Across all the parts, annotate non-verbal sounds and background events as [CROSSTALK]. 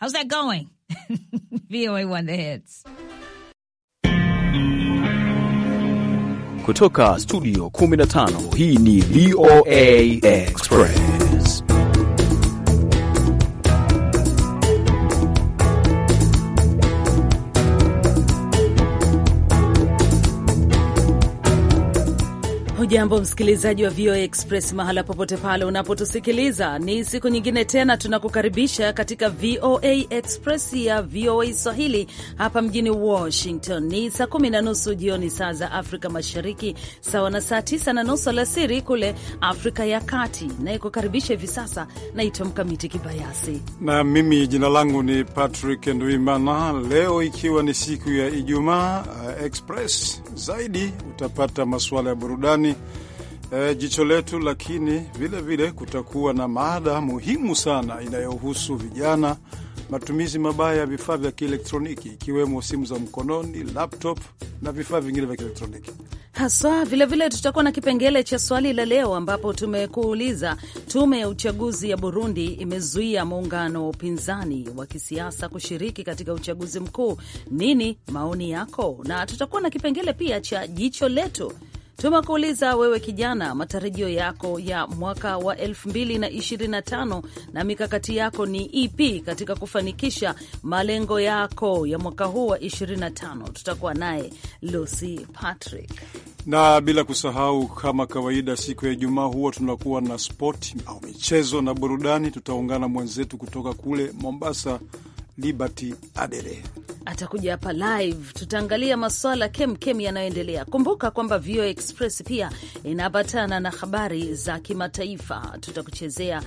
How's that going? [LAUGHS] VOA won the hits. Kutoka studio 15 hii ni VOA Express. Hujambo msikilizaji wa VOA Express mahala popote pale unapotusikiliza, ni siku nyingine tena tunakukaribisha katika VOA Express ya VOA Swahili hapa mjini Washington. Ni saa kumi na nusu jioni saa za Afrika Mashariki, sawa na saa tisa na nusu alasiri kule Afrika ya Kati. Nayekukaribisha hivi sasa naitwa Mkamiti Kibayasi na mimi jina langu ni Patrick Nduimana. Leo ikiwa ni siku ya Ijumaa, uh, Express zaidi utapata masuala ya burudani e, jicho letu, lakini vilevile vile kutakuwa na mada muhimu sana inayohusu vijana, matumizi mabaya ya vifaa vya kielektroniki ikiwemo simu za mkononi, laptop na vifaa vingine vya kielektroniki haswa. Vilevile tutakuwa na kipengele cha swali la leo, ambapo tumekuuliza tume ya uchaguzi ya Burundi imezuia muungano wa upinzani wa kisiasa kushiriki katika uchaguzi mkuu. Nini maoni yako? Na tutakuwa na kipengele pia cha jicho letu Tumekuuliza wewe kijana, matarajio yako ya mwaka wa 2025 na mikakati yako ni ipi katika kufanikisha malengo yako ya mwaka huu wa 25? Tutakuwa naye Lucy Patrick na bila kusahau, kama kawaida, siku ya Ijumaa huwa tunakuwa na spoti au michezo na burudani. Tutaungana mwenzetu kutoka kule Mombasa, Liberty Adere atakuja hapa live, tutaangalia maswala kemkem yanayoendelea. Kumbuka kwamba VOA Express pia inaambatana na habari za kimataifa, tutakuchezea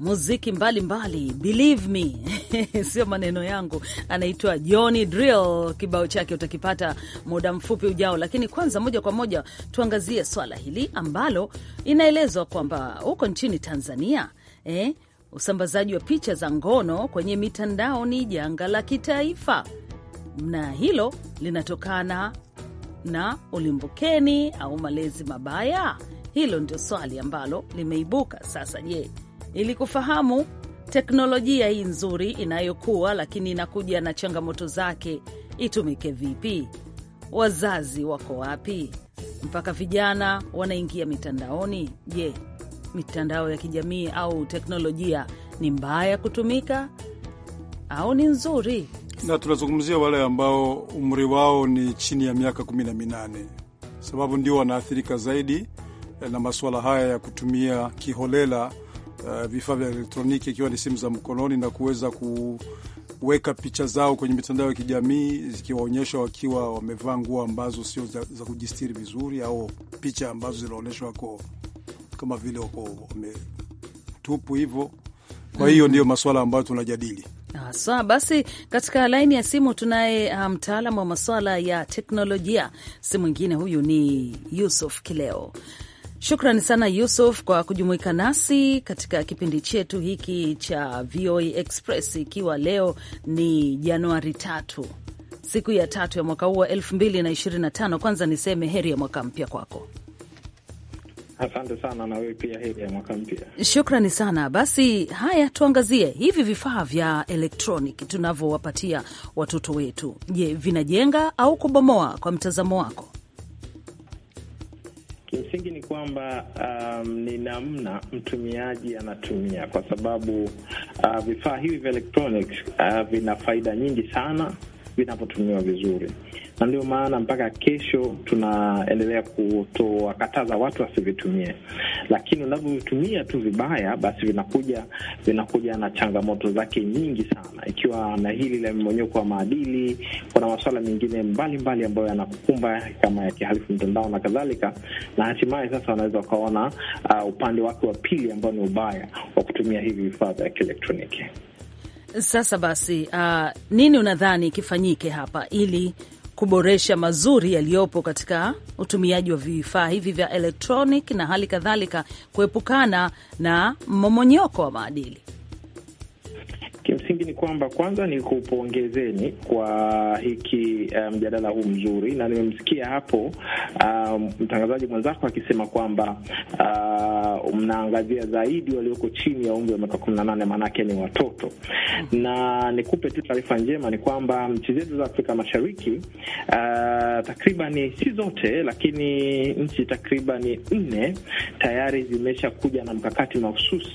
muziki mbalimbali mbali. Believe me [LAUGHS] sio maneno yangu, anaitwa Johnny Drill. Kibao chake utakipata muda mfupi ujao, lakini kwanza, moja kwa moja tuangazie swala hili ambalo inaelezwa kwamba huko nchini Tanzania eh, usambazaji wa picha za ngono kwenye mitandao ni janga la kitaifa, na hilo linatokana na ulimbukeni au malezi mabaya? Hilo ndio swali ambalo limeibuka sasa. Je, ili kufahamu teknolojia hii nzuri inayokuwa lakini inakuja na changamoto zake, itumike vipi? Wazazi wako wapi mpaka vijana wanaingia mitandaoni? Je, mitandao ya kijamii au teknolojia ni mbaya kutumika au ni nzuri, na tunazungumzia wale ambao umri wao ni chini ya miaka kumi na minane, sababu ndio wanaathirika zaidi eh, na masuala haya ya kutumia kiholela uh, vifaa vya elektroniki ikiwa ni simu za mkononi na kuweza kuweka picha zao kwenye mitandao ya kijamii zikiwaonyesha wakiwa wamevaa nguo ambazo sio za, za kujistiri vizuri au picha ambazo zinaonyesha wako kama vile wako wametupu hivyo. Kwa hiyo ndiyo maswala ambayo tunajadili haswa. So, basi katika laini ya simu tunaye uh, mtaalamu um, wa maswala ya teknolojia, si mwingine huyu ni Yusuf Kileo. Shukrani sana Yusuf kwa kujumuika nasi katika kipindi chetu hiki cha VOA e Express, ikiwa leo ni Januari tatu, siku ya tatu ya mwaka huu wa 2025. Kwanza niseme heri ya mwaka mpya kwako. Asante sana na wewe pia, heri ya mwaka mpya. Shukrani sana. Basi haya, tuangazie hivi vifaa vya elektroniki tunavyowapatia watoto wetu. Je, vinajenga au kubomoa kwa mtazamo wako? Kimsingi ni kwamba um, ni namna mtumiaji anatumia, kwa sababu uh, vifaa hivi vya electronics uh, vina faida nyingi sana vinapotumiwa vizuri na ndio maana mpaka kesho tunaendelea kutowakataza watu wasivitumie, lakini unavyovitumia tu vibaya, basi vinakuja vinakuja na changamoto zake nyingi sana, ikiwa na hili la mmonyoko wa maadili. Kuna masuala mengine mbalimbali ambayo yanakukumba kama ya kihalifu mtandao na kadhalika, na hatimaye sasa wanaweza wakaona uh, upande wake wa pili ambao ni ubaya wa kutumia hivi vifaa vya kielektroniki. Sasa basi, uh, nini unadhani kifanyike hapa ili kuboresha mazuri yaliyopo katika utumiaji wa vifaa hivi vya elektroniki na hali kadhalika kuepukana na mmomonyoko wa maadili msingi ni kwamba kwanza ni kupongezeni kwa hiki eh, mjadala um, huu mzuri, na nimemsikia hapo um, mtangazaji mwenzako akisema kwamba uh, mnaangazia zaidi walioko chini ya umri wa miaka kumi na nane maanake ni watoto Na nikupe tu taarifa njema ni kwamba nchi zetu za Afrika Mashariki uh, takribani si zote, lakini nchi takribani nne tayari zimesha kuja na mkakati mahususi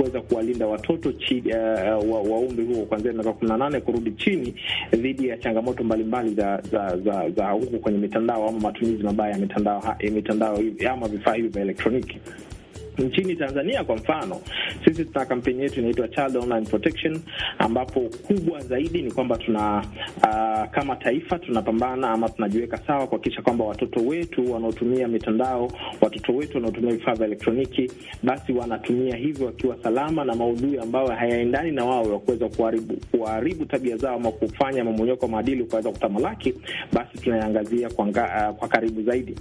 kuweza kuwalinda watoto chi, uh, eh, eh, wa, wa umri huo kuanzia miaka kumi na nane kurudi chini dhidi ya changamoto mbalimbali za za za, za huku kwenye mitandao ama matumizi mabaya ya mitandao, ya mitandao ama vifaa hivi vya elektroniki. Nchini Tanzania kwa mfano, sisi tuna kampeni yetu inaitwa Child Online Protection, ambapo kubwa zaidi ni kwamba tuna uh, kama taifa tunapambana ama tunajiweka sawa kuhakikisha kwamba watoto wetu wanaotumia mitandao, watoto wetu wanaotumia vifaa vya elektroniki, basi wanatumia hivyo wakiwa salama na maudhui ambayo hayaendani na wao ya kuweza kuharibu kuharibu tabia zao ama kufanya mamonyoko maadili ukaweza kutamalaki, basi tunaangazia kwa, uh, kwa karibu zaidi.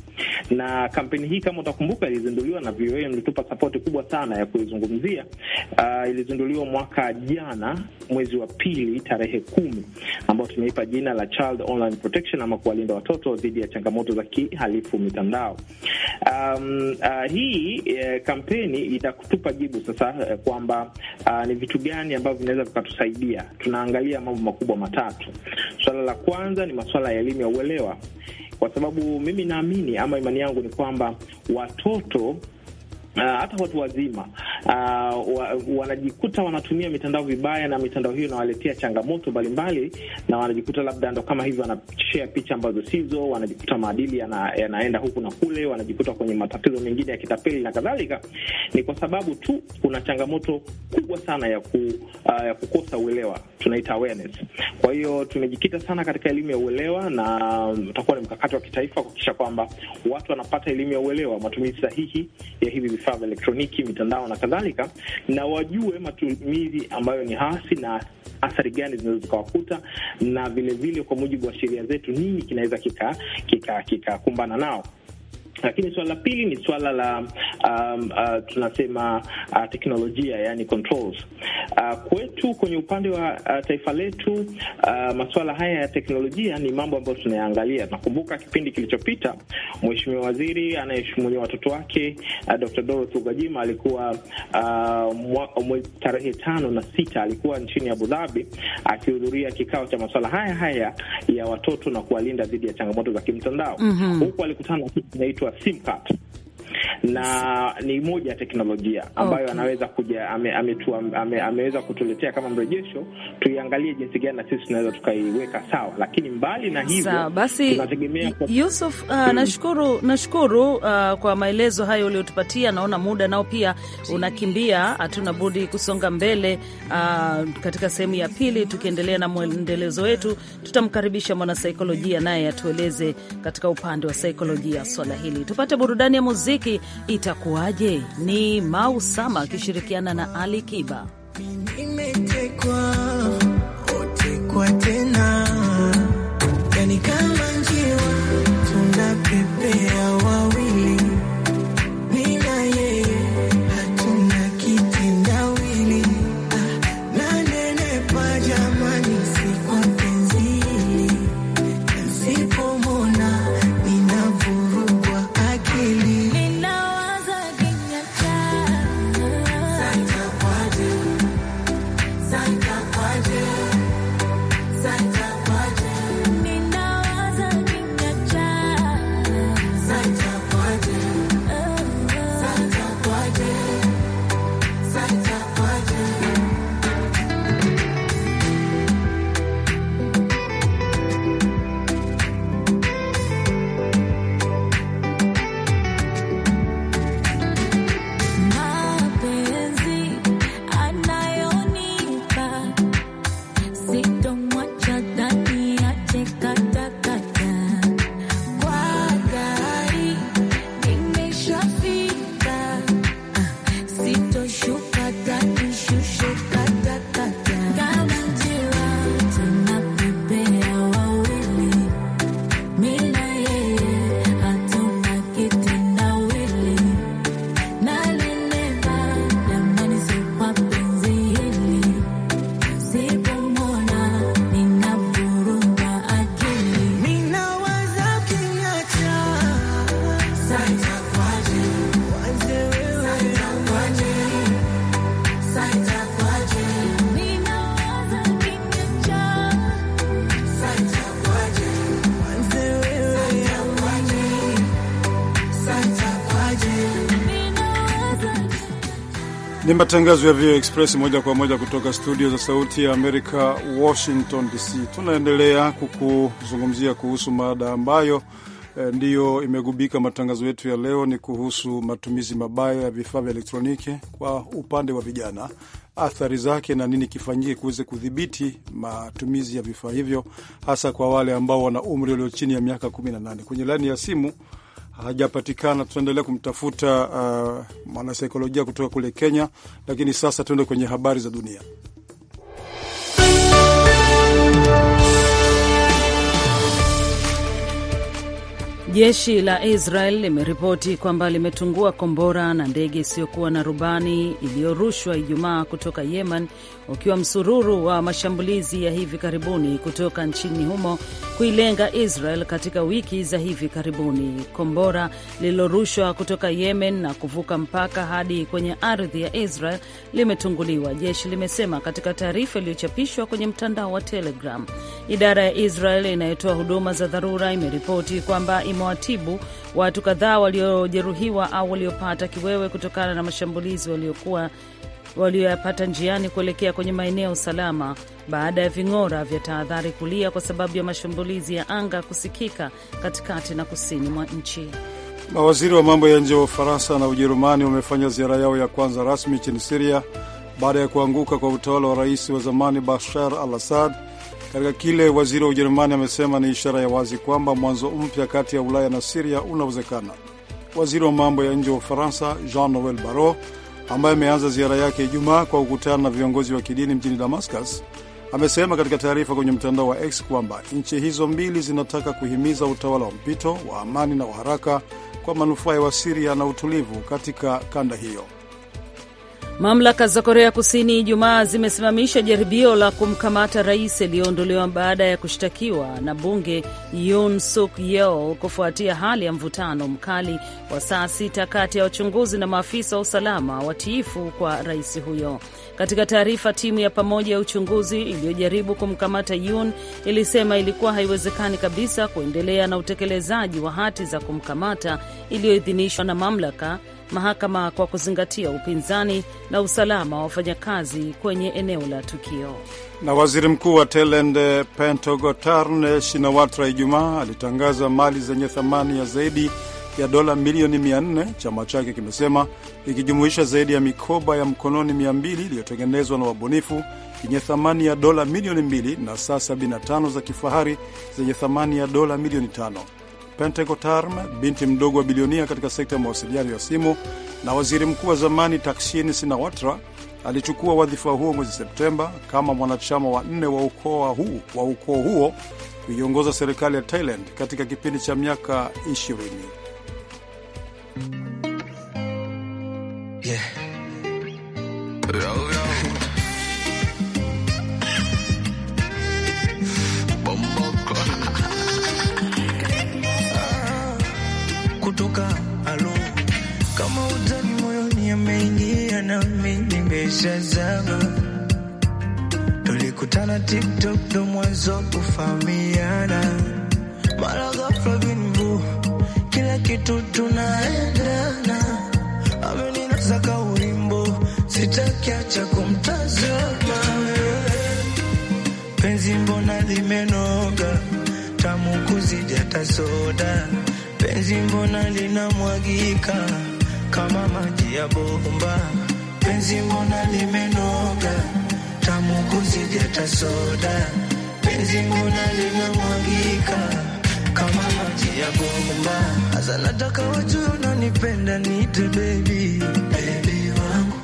Na kampeni hii kama utakumbuka ilizinduliwa na VOA imetupa sapoti kubwa sana ya kuizungumzia. Uh, ilizinduliwa mwaka jana mwezi wa pili tarehe kumi, ambayo tumeipa jina la Child Online Protection ama kuwalinda watoto dhidi ya changamoto za kihalifu mitandao. Um, uh, hii eh, kampeni itakutupa jibu sasa eh, kwamba uh, ni vitu gani ambavyo vinaweza vikatusaidia. Tunaangalia mambo makubwa matatu. Swala la kwanza ni masuala ya elimu ya uelewa, kwa sababu mimi naamini ama imani yangu ni kwamba watoto Ah, hata watu wazima uh, wa, wanajikuta wanatumia mitandao vibaya, na mitandao hiyo inawaletea changamoto mbalimbali, na wanajikuta labda ndo kama hivyo wanashea picha ambazo sizo, wanajikuta maadili yanaenda yana, yanaenda huku na kule, wanajikuta kwenye matatizo mengine ya kitapeli na kadhalika. Ni kwa sababu tu kuna changamoto kubwa sana ya, ku, uh, ya kukosa uelewa, tunaita awareness. Kwa hiyo tumejikita sana katika elimu ya uelewa, na utakuwa um, ni mkakati wa kitaifa kuhakikisha kwamba watu wanapata elimu ya uelewa, matumizi sahihi ya hivi vifaa vifaa vya elektroniki, mitandao na kadhalika, na wajue matumizi ambayo ni hasi na athari gani zinaweza zikawakuta, na vilevile kwa mujibu wa sheria zetu, nini kinaweza kikakumbana kika, kika nao. Lakini swala la pili ni swala la um, uh, tunasema uh, teknolojia yani controls. Uh, kwetu kwenye upande wa uh, taifa letu uh, masuala haya ya teknolojia ni mambo ambayo tunayaangalia. Nakumbuka kipindi kilichopita mheshimiwa waziri anayeshumulia watoto wake uh, Dr. Dorothy Gwajima alikuwa uh, tarehe tano na sita alikuwa nchini Abu Dhabi akihudhuria kikao cha masuala haya haya ya watoto na kuwalinda dhidi ya changamoto za kimtandao. mm -hmm. Huku alikutana na sim na ni moja ya teknolojia ambayo okay, anaweza kuja ame, ame tu, ame, ameweza kutuletea kama mrejesho, tuiangalie jinsi gani na sisi tunaweza tukaiweka sawa, lakini mbali na hivyo basi tunategemea kwa... Yusuf, uh, hmm. nashukuru nashukuru uh, kwa maelezo hayo uliotupatia. Naona muda nao pia unakimbia, hatuna budi kusonga mbele. Uh, katika sehemu ya pili tukiendelea na mwendelezo wetu, tutamkaribisha mwanasaikolojia naye atueleze katika upande wa saikolojia swala hili. Tupate burudani ya muziki Mashariki itakuwaje? Ni Mau Sama akishirikiana na Ali Kiba. Nimetekwa, tena, yani kama njiwa tunapepea matangazo ya VOA Express moja kwa moja kutoka studio za Sauti ya Amerika, Washington DC. Tunaendelea kukuzungumzia kuhusu mada ambayo eh, ndiyo imegubika matangazo yetu ya leo. Ni kuhusu matumizi mabaya ya vifaa vya elektroniki kwa upande wa vijana, athari zake na nini kifanyike kuweze kudhibiti matumizi ya vifaa hivyo, hasa kwa wale ambao wana umri ulio chini ya miaka 18. Kwenye laini ya simu hajapatikana. tunaendelea kumtafuta uh, mwanasaikolojia kutoka kule Kenya, lakini sasa tuende kwenye habari za dunia. Jeshi la Israel limeripoti kwamba limetungua kombora na ndege isiyokuwa na rubani iliyorushwa Ijumaa kutoka Yemen, ukiwa msururu wa mashambulizi ya hivi karibuni kutoka nchini humo kuilenga Israel katika wiki za hivi karibuni. Kombora lililorushwa kutoka Yemen na kuvuka mpaka hadi kwenye ardhi ya Israel limetunguliwa, jeshi limesema katika taarifa iliyochapishwa kwenye mtandao wa Telegram. Idara ya Israel inayotoa huduma za dharura imeripoti kwamba imewatibu watu kadhaa waliojeruhiwa au waliopata kiwewe kutokana na mashambulizi waliokuwa walioyapata njiani kuelekea kwenye maeneo salama baada ya ving'ora vya tahadhari kulia kwa sababu ya mashambulizi ya anga kusikika katikati na kusini mwa nchi. Mawaziri wa mambo ya nje wa Ufaransa na Ujerumani wamefanya ziara yao ya kwanza rasmi nchini Siria baada ya kuanguka kwa utawala wa rais wa zamani Bashar al Assad katika kile waziri wa Ujerumani amesema ni ishara ya wazi kwamba mwanzo mpya kati ya Ulaya na Siria unawezekana. Waziri wa mambo ya nje wa Ufaransa Jean Noel Barrot, ambaye ameanza ziara yake Ijumaa kwa kukutana na viongozi wa kidini mjini Damascus, amesema katika taarifa kwenye mtandao wa X kwamba nchi hizo mbili zinataka kuhimiza utawala wa mpito wa amani na wa haraka kwa manufaa ya Wasiria na utulivu katika kanda hiyo. Mamlaka za Korea Kusini Ijumaa zimesimamisha jaribio la kumkamata rais aliyeondolewa baada ya kushtakiwa na bunge Yoon Suk Yeol kufuatia hali ya mvutano mkali wa saa sita kati ya wachunguzi na maafisa wa usalama watiifu kwa rais huyo. Katika taarifa, timu ya pamoja ya uchunguzi iliyojaribu kumkamata Yoon ilisema ilikuwa haiwezekani kabisa kuendelea na utekelezaji wa hati za kumkamata iliyoidhinishwa na mamlaka mahakama kwa kuzingatia upinzani na usalama wa wafanyakazi kwenye eneo la tukio. Na waziri mkuu wa Thailand Pentogotarn Shinawatra Ijumaa alitangaza mali zenye thamani ya zaidi ya dola milioni 400 chama chake kimesema, ikijumuisha zaidi ya mikoba ya mkononi 200 iliyotengenezwa na wabunifu yenye thamani ya dola milioni 2 na saa 75 za kifahari zenye thamani ya dola milioni 5. Pentecotarm, binti mdogo wa bilionia katika sekta ya mawasiliano ya simu na waziri mkuu wa zamani Takshin Sinawatra, alichukua wadhifa huo mwezi Septemba kama mwanachama wa nne wa ukoo huu, wa ukoo huo kuiongoza serikali ya Thailand katika kipindi cha miaka 20. Yeah. picha zangu, tulikutana TikTok ndo mwanzo kufahamiana, mara ghafla bingu, kila kitu tunaendana, ameninasaka ulimbo, sitakiacha kumtazama penzi, mbona limenoga tamu kuzidi hata soda, penzi mbona linamwagika kama maji ya bomba penzi mbona limenoga, tamu kuzijeta soda, penzi mbona linamwagika kama maji ya bomba. Asa nataka wajue unanipenda, niite baby, baby wangu.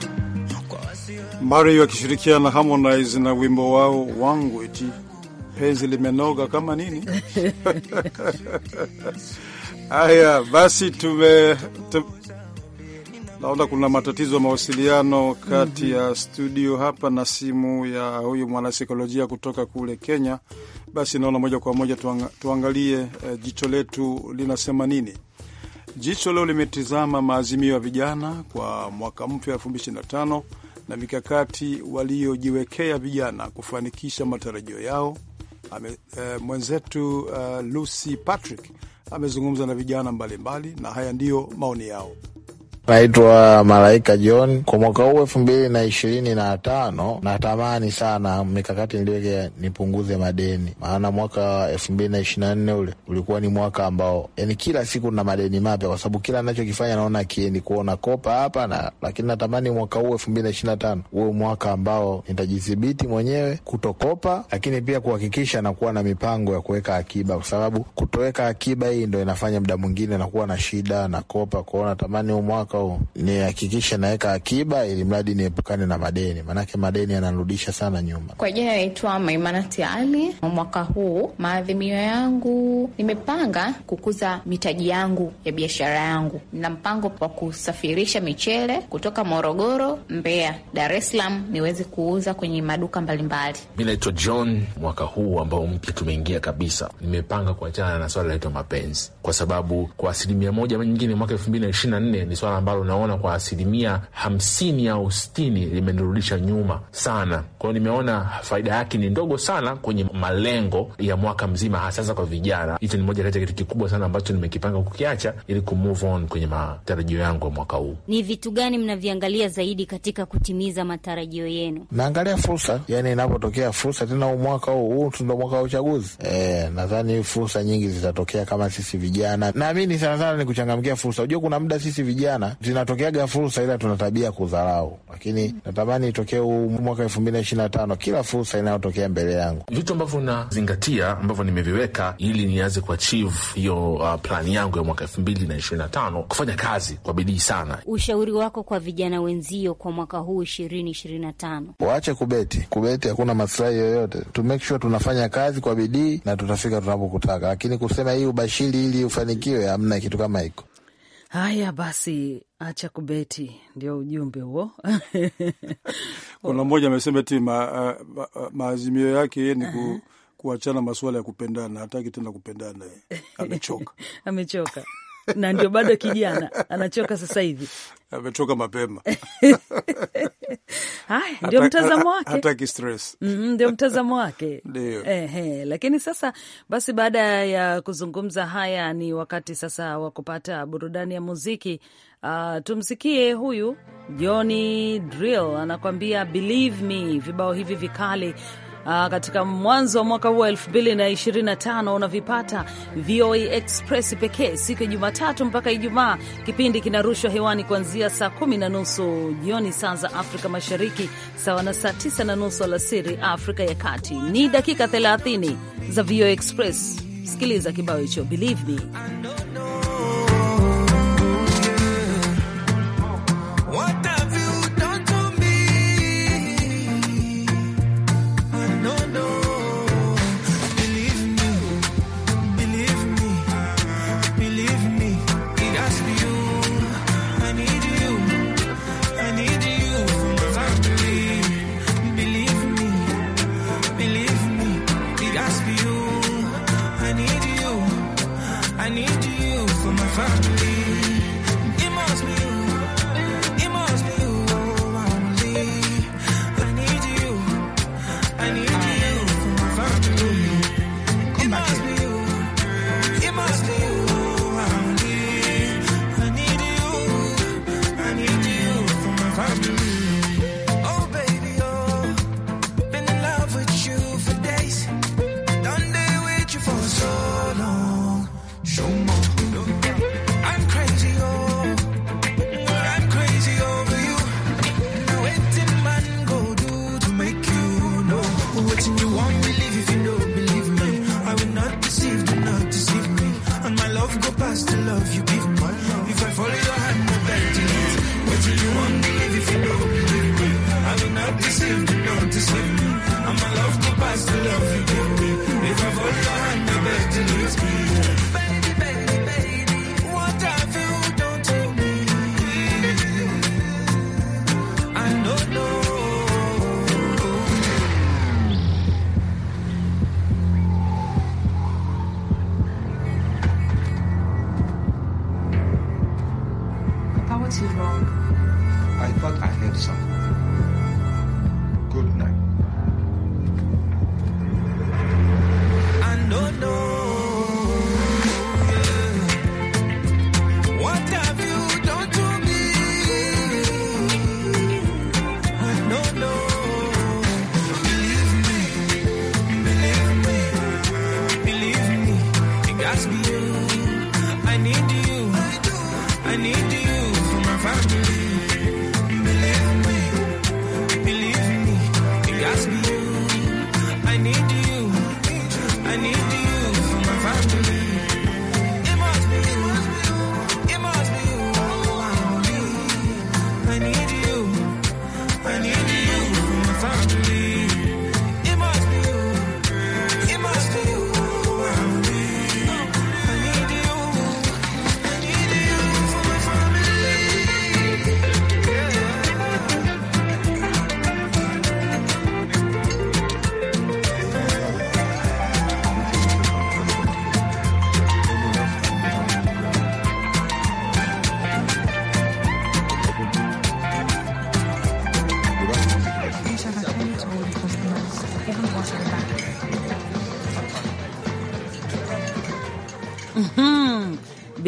Mario akishirikiana na Harmonize na wimbo wao wangu iti penzi limenoga kama nini? [LAUGHS] Haya basi tume, tume naona kuna matatizo ya mawasiliano kati mm -hmm. ya mhm. studio hapa na simu ya huyu mwanasikolojia kutoka kule Kenya. Basi naona moja kwa moja tuang tuangalie eh, jicho letu linasema nini. Jicho leo limetizama maazimio ya vijana kwa mwaka mpya elfu mbili ishirini na tano na mikakati waliojiwekea vijana kufanikisha matarajio yao. Ame, eh, mwenzetu eh, Lucy Patrick amezungumza na vijana mbalimbali mbali, na haya ndiyo maoni yao. Naitwa Malaika John. Kwa mwaka huu elfu mbili na ishirini na tano natamani sana mikakati niliweke nipunguze madeni, maana mwaka elfu mbili na ishirini na nne ule ulikuwa ni mwaka ambao yani kila siku na madeni mapya, kwa sababu kila nachokifanya naona kiendi kuona kopa hapa na, lakini natamani mwaka huu elfu mbili na ishirini na tano huwe mwaka ambao nitajidhibiti mwenyewe kutokopa, lakini pia kuhakikisha nakuwa na mipango ya kuweka akiba, kwa sababu kutoweka akiba hii ndo inafanya mda mwingine nakuwa na shida nakopa kwao. Natamani huu mwaka mwaka huu nihakikishe naweka akiba ili mradi niepukane na madeni, maanake madeni yanarudisha sana nyuma. Kwa jina naitwa Maimanati Ali. Mwaka huu maadhimio yangu nimepanga kukuza mitaji yangu ya biashara yangu, na mpango wa kusafirisha michele kutoka Morogoro, Mbeya, Dar es Salaam niweze kuuza kwenye maduka mbalimbali. Mi naitwa John. Mwaka huu ambao mpya tumeingia kabisa, nimepanga kuachana na swala naitwa mapenzi, kwa sababu kwa asilimia moja ama nyingine mwaka elfu mbili na ishirini na nne ni swala ambalo unaona kwa asilimia hamsini au sitini limenirudisha nyuma sana. Kwao nimeona faida yake ni ndogo sana kwenye malengo ya mwaka mzima, hasasa kwa vijana. Hicho ni moja kati ya kitu kikubwa sana ambacho nimekipanga kukiacha ili kumove on kwenye matarajio yangu ya mwaka huu. Ni vitu gani mnaviangalia zaidi katika kutimiza matarajio yenu? Naangalia fursa, yani inapotokea fursa tena. Huu mwaka huu huu ndo mwaka wa uchaguzi e, nadhani fursa nyingi zitatokea kama sisi vijana, naamini sana sana ni kuchangamkia fursa. Unajua kuna muda sisi vijana zinatokeaga fursa, ila tuna tabia kudharau, lakini natamani itokee mwaka elfu mbili na ishirini na tano kila fursa inayotokea mbele yangu, vitu ambavyo nazingatia ambavyo nimeviweka ili nianze kuachieve hiyo uh, plani yangu ya mwaka elfu mbili na ishirini na tano kufanya kazi kwa bidii sana. Ushauri wako kwa vijana wenzio kwa mwaka huu ishirini ishirini na tano waache kubeti. Kubeti hakuna masilahi yoyote, to make sure tunafanya kazi kwa bidii na tutafika tunapokutaka, lakini kusema hii ubashiri ili ufanikiwe, hamna kitu kama hiko. Haya basi, acha kubeti, ndio ujumbe huo. [LAUGHS] Kuna mmoja amesema ti uh, uh, maazimio ma, ma, yake ni ku, kuachana masuala ya kupendana, hataki tena kupendana, amechoka [LAUGHS] amechoka na ndio bado kijana anachoka sasa hivi, amechoka mapema [LAUGHS] haya mm-hmm, ndio mtazamo wake, [LAUGHS] ndio mtazamo wake ehe. Lakini sasa basi, baada ya kuzungumza haya, ni wakati sasa wa kupata burudani ya muziki. Uh, tumsikie huyu Johnny Drill anakuambia believe me, vibao hivi vikali uh, katika mwanzo wa mwaka huu wa 2025 unavipata VOA Express pekee siku ya Jumatatu mpaka Ijumaa. Kipindi kinarushwa hewani kuanzia saa kumi na nusu jioni saa za Afrika Mashariki, sawa na saa tisa na nusu alasiri Afrika ya Kati. Ni dakika 30 za VOA Express. Sikiliza kibao hicho, believe me.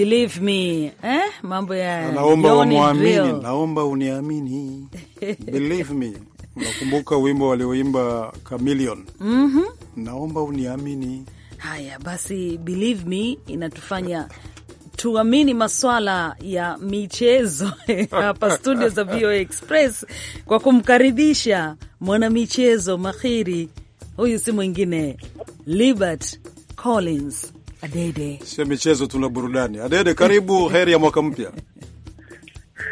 believe me eh? Mambo ya naomba umwamini, naomba uniamini [LAUGHS] believe me. Unakumbuka wimbo walioimba Chameleon? mm -hmm. Naomba uniamini. Haya basi, believe me inatufanya tuamini maswala ya michezo [LAUGHS] hapa studio za VOA Express kwa kumkaribisha mwanamichezo mahiri huyu, si mwingine Libert Collins. Adede sio michezo, tuna burudani. Adede, karibu, heri ya mwaka mpya.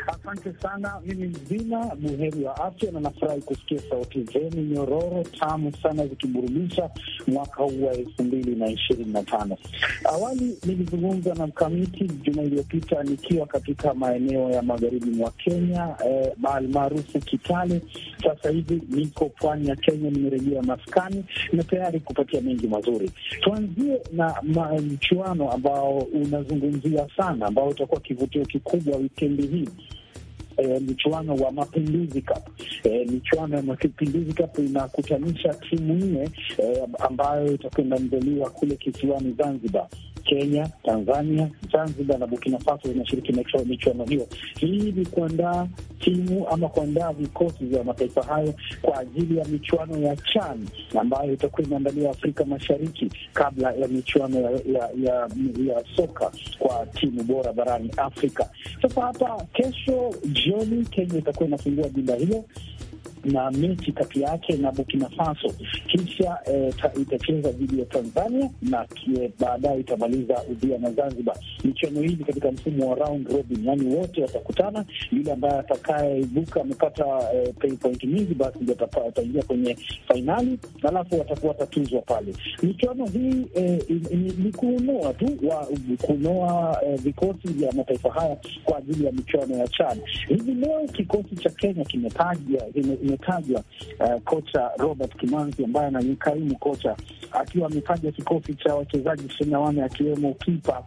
Asante sana. Mimi mzima buheri wa afya, na nafurahi kusikia sauti zenu nyororo tamu sana zikiburudisha mwaka huu wa elfu mbili na ishirini na tano. Awali nilizungumza na mkamiti juma iliyopita nikiwa katika maeneo ya magharibi mwa Kenya eh, almaarufu Kitale. Sasa hivi niko pwani ya Kenya, nimerejea maskani na tayari kupatia mengi mazuri. Tuanzie na mchuano ambao unazungumzia sana, ambao utakuwa kivutio kikubwa wikendi hii eh, michuano wa Mapinduzi Cup. Eh, michuano ya Mapinduzi Cup inakutanisha timu nne eh, ambayo itakwenda kule kisiwani Zanzibar. Kenya, Tanzania, Zanzibar na Burkina Faso zinashiriki michuano hiyo. Hii ni kuandaa timu ama kuandaa vikosi vya mataifa hayo kwa ajili ya michuano ya CHAN ambayo itakuwa imeandaliwa Afrika Mashariki kabla ya michuano ya, ya, ya, ya soka kwa timu bora barani Afrika. Sasa hapa kesho jioni Kenya itakuwa inafungua jumba hilo na mechi kati yake na Burkina Faso, kisha eh, itacheza dhidi ya Tanzania na baadaye itamaliza udhia na Zanzibar. Michuano hizi katika mfumo wa round robin, yani wote watakutana, yule ambaye atakayeibuka amepata eh, point nyingi, basi ndio ataingia kwenye fainali, alafu watakuwa watatuzwa pale. Michuano hii eh, ni kunoa tu wa kunoa eh, vikosi vya mataifa haya kwa ajili ya michuano ya CHAN. Hivi leo kikosi cha Kenya kimetajwa kime, ametajwa uh, eh, kocha Robert Kimanzi ambaye anaikaimu kocha, akiwa ametaja kikosi cha wachezaji ishirini na wanne akiwemo kipa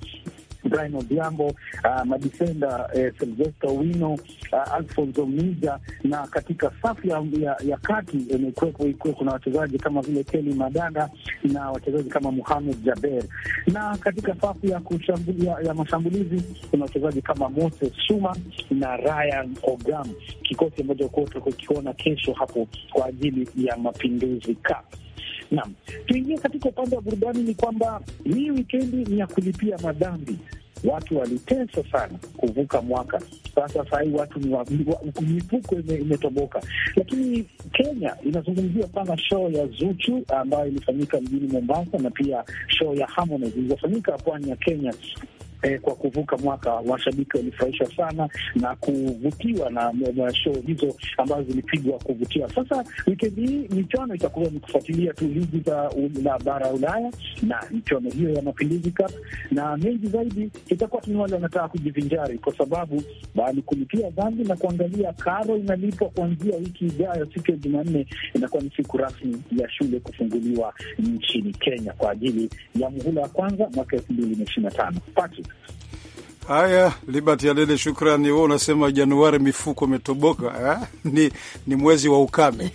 Brian Odhiambo, uh, madifenda uh, Silvesta Wino, uh, Alfonso mija na katika safu ya, ya, ya kati imekuwepo ikuwe kuna wachezaji kama vile Keli madaga na wachezaji kama Muhamed Jaber, na katika safu ya, ya, ya mashambulizi kuna wachezaji kama Moses Suma na Ryan Ogam, kikosi ambacho kuwa tutakiona kesho hapo kwa ajili ya Mapinduzi Cup. Naam, tuingie katika upande wa burudani. Ni kwamba hii wikendi ni ya kulipia madhambi. Watu waliteswa sana kuvuka mwaka. Sasa sahii watu watu mifuko imetoboka, lakini Kenya inazungumziwa sana show ya Zuchu ambayo ilifanyika mjini Mombasa na pia show ya Harmonize ilizofanyika pwani ya Kenya eh, kwa kuvuka mwaka. mashabiki walifurahishwa sana na kuvutiwa na, na show hizo ambazo zilipigwa kuvutiwa. Sasa wikendi hii michuano itakuwa ni kufuatilia tu ligi za la bara ya Ulaya na michuano hiyo ya Mapinduzi Cup, na mengi zaidi itakuwa tu ni wale wanataka kujivinjari, kwa sababu bali kulipia dhambi na kuangalia karo inalipwa kuanzia wiki ijayo, siku ya Jumanne inakuwa ni siku rasmi ya shule kufunguliwa nchini Kenya kwa ajili ya muhula wa kwanza mwaka elfu mbili na ishirini na tano pati Haya, Liberty Adede, shukrani. Wewe unasema Januari mifuko imetoboka, eh? [LAUGHS] ni, ni mwezi wa ukame [LAUGHS]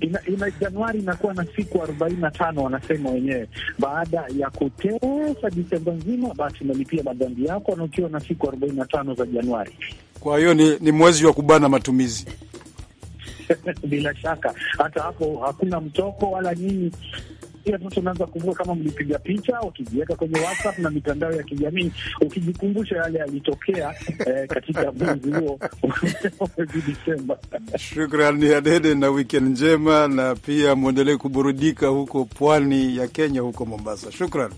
ina, ina Januari inakuwa na siku arobaini na tano wanasema wenyewe, baada ya kutesa disemba nzima, basi unalipia madhambi yako na ukiwa na siku arobaini na tano za Januari. Kwa hiyo ni, ni mwezi wa kubana matumizi [LAUGHS] bila shaka, hata hapo hakuna mtoko wala nini pia sasa unaanza kumbuka kama mlipiga picha ukijiweka kwenye WhatsApp na mitandao ya kijamii, ukijikumbusha yale yalitokea eh, katika mwezi huo mwezi Disemba. Shukrani Adede na weekend njema, na pia mwendelee kuburudika huko pwani ya Kenya, huko Mombasa. Shukran,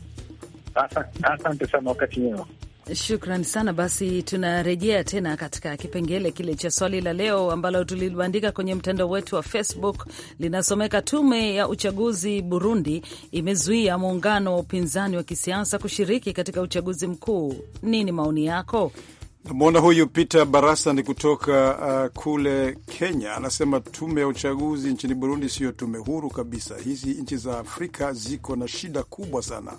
asante sana, wakati mwema. Shukran sana. Basi tunarejea tena katika kipengele kile cha swali la leo ambalo tulibandika kwenye mtandao wetu wa Facebook. Linasomeka, tume ya uchaguzi Burundi imezuia muungano wa upinzani wa kisiasa kushiriki katika uchaguzi mkuu. Nini maoni yako? Namwona huyu Peter Barasa ni kutoka uh, kule Kenya. Anasema tume ya uchaguzi nchini Burundi siyo tume huru kabisa. Hizi nchi za Afrika ziko na shida kubwa sana.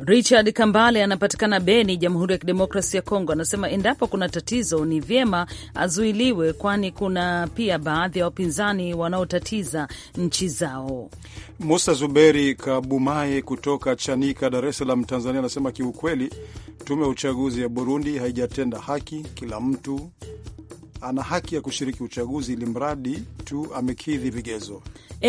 Richard Kambale anapatikana Beni, Jamhuri ya Kidemokrasi ya Kongo, anasema endapo kuna tatizo ni vyema azuiliwe, kwani kuna pia baadhi ya wapinzani wanaotatiza nchi zao. Musa Zuberi kabumae kutoka Chanika, Dar es Salaam, Tanzania, anasema kiukweli, tume ya uchaguzi ya Burundi haijatenda haki. Kila mtu ana haki ya kushiriki uchaguzi ili mradi tu amekidhi vigezo.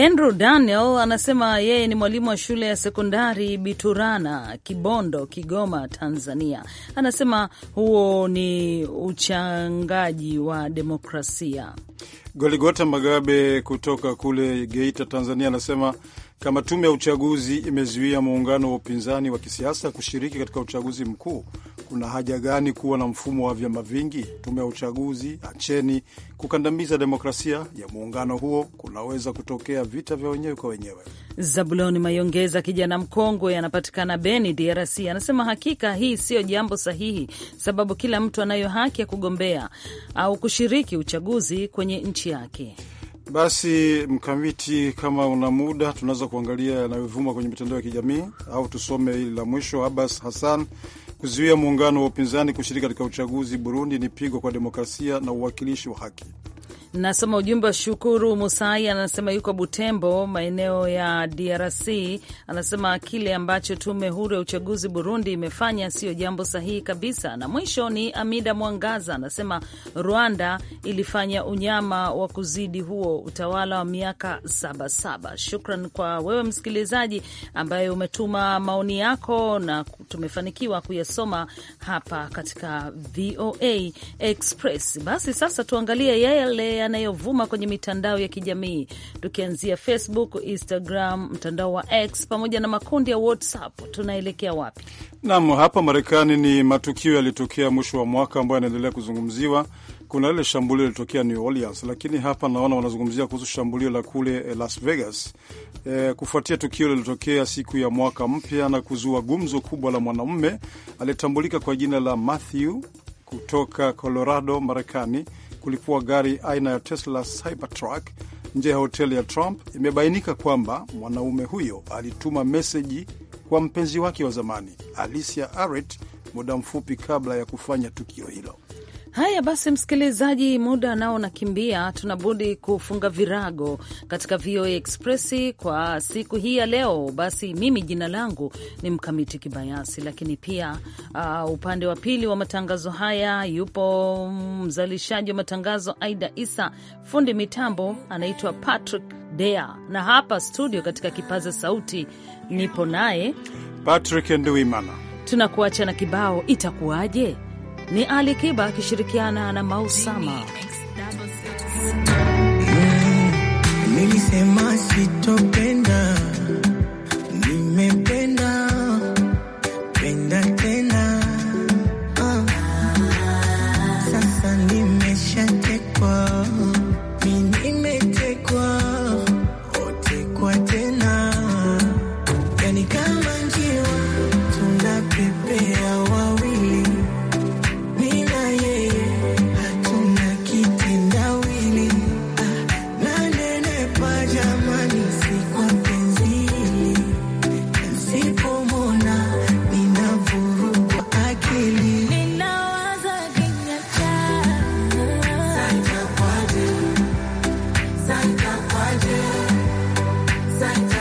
Andrew Daniel anasema yeye ni mwalimu wa shule ya sekondari Biturana, Kibondo, Kigoma, Tanzania. Anasema huo ni uchangaji wa demokrasia. Goligota Magabe kutoka kule Geita, Tanzania, anasema kama tume ya uchaguzi imezuia muungano wa upinzani wa kisiasa kushiriki katika uchaguzi mkuu, kuna haja gani kuwa na mfumo wa vyama vingi? Tume ya uchaguzi, acheni kukandamiza demokrasia ya muungano huo, kunaweza kutokea vita vya wenyewe kwa wenyewe. Zabuloni Mayongeza, kijana mkongwe, anapatikana Beni, DRC, anasema hakika hii siyo jambo sahihi, sababu kila mtu anayo haki ya kugombea au kushiriki uchaguzi kwenye nchi yake. Basi Mkamiti, kama una muda, tunaweza kuangalia yanayovuma kwenye mitandao ya kijamii au tusome hili la mwisho. Abbas Hassan: kuzuia muungano wa upinzani kushiriki katika uchaguzi Burundi ni pigo kwa demokrasia na uwakilishi wa haki. Nasoma ujumbe wa Shukuru Musai, anasema yuko Butembo, maeneo ya DRC. Anasema kile ambacho tume huru ya uchaguzi Burundi imefanya siyo jambo sahihi kabisa. Na mwisho ni Amida Mwangaza, anasema Rwanda ilifanya unyama wa kuzidi huo utawala wa miaka sabasaba. Shukran kwa wewe msikilizaji ambaye umetuma maoni yako na tumefanikiwa kuyasoma hapa katika VOA Express. Basi sasa tuangalie yale yanayovuma kwenye mitandao ya kijamii, tukianzia Facebook, Instagram, mtandao wa X pamoja na makundi ya WhatsApp. Tunaelekea wapi? Naam, hapa Marekani ni matukio yalitokea mwisho wa mwaka ambayo yanaendelea kuzungumziwa. Kuna lile shambulio lilitokea New Orleans, lakini hapa naona wanazungumzia kuhusu shambulio la kule eh, Las Vegas e, kufuatia tukio lililotokea siku ya mwaka mpya na kuzua gumzo kubwa la mwanamume aliyetambulika kwa jina la Matthew kutoka Colorado, Marekani kulipua gari aina ya Tesla Cybertruck nje ya hoteli ya Trump, imebainika kwamba mwanaume huyo alituma meseji kwa mpenzi wake wa zamani Alicia Aret muda mfupi kabla ya kufanya tukio hilo. Haya basi, msikilizaji, muda nao nakimbia, tunabudi kufunga virago katika VOA Express kwa siku hii ya leo. Basi mimi jina langu ni Mkamiti Kibayasi, lakini pia uh, upande wa pili wa matangazo haya yupo mzalishaji wa matangazo Aida Isa, fundi mitambo anaitwa Patrick Dea, na hapa studio katika kipaza sauti nipo naye Patrick Nduimana. Tunakuacha na kibao itakuwaje. Ni Ali Kiba akishirikiana na Mausama. sitopenda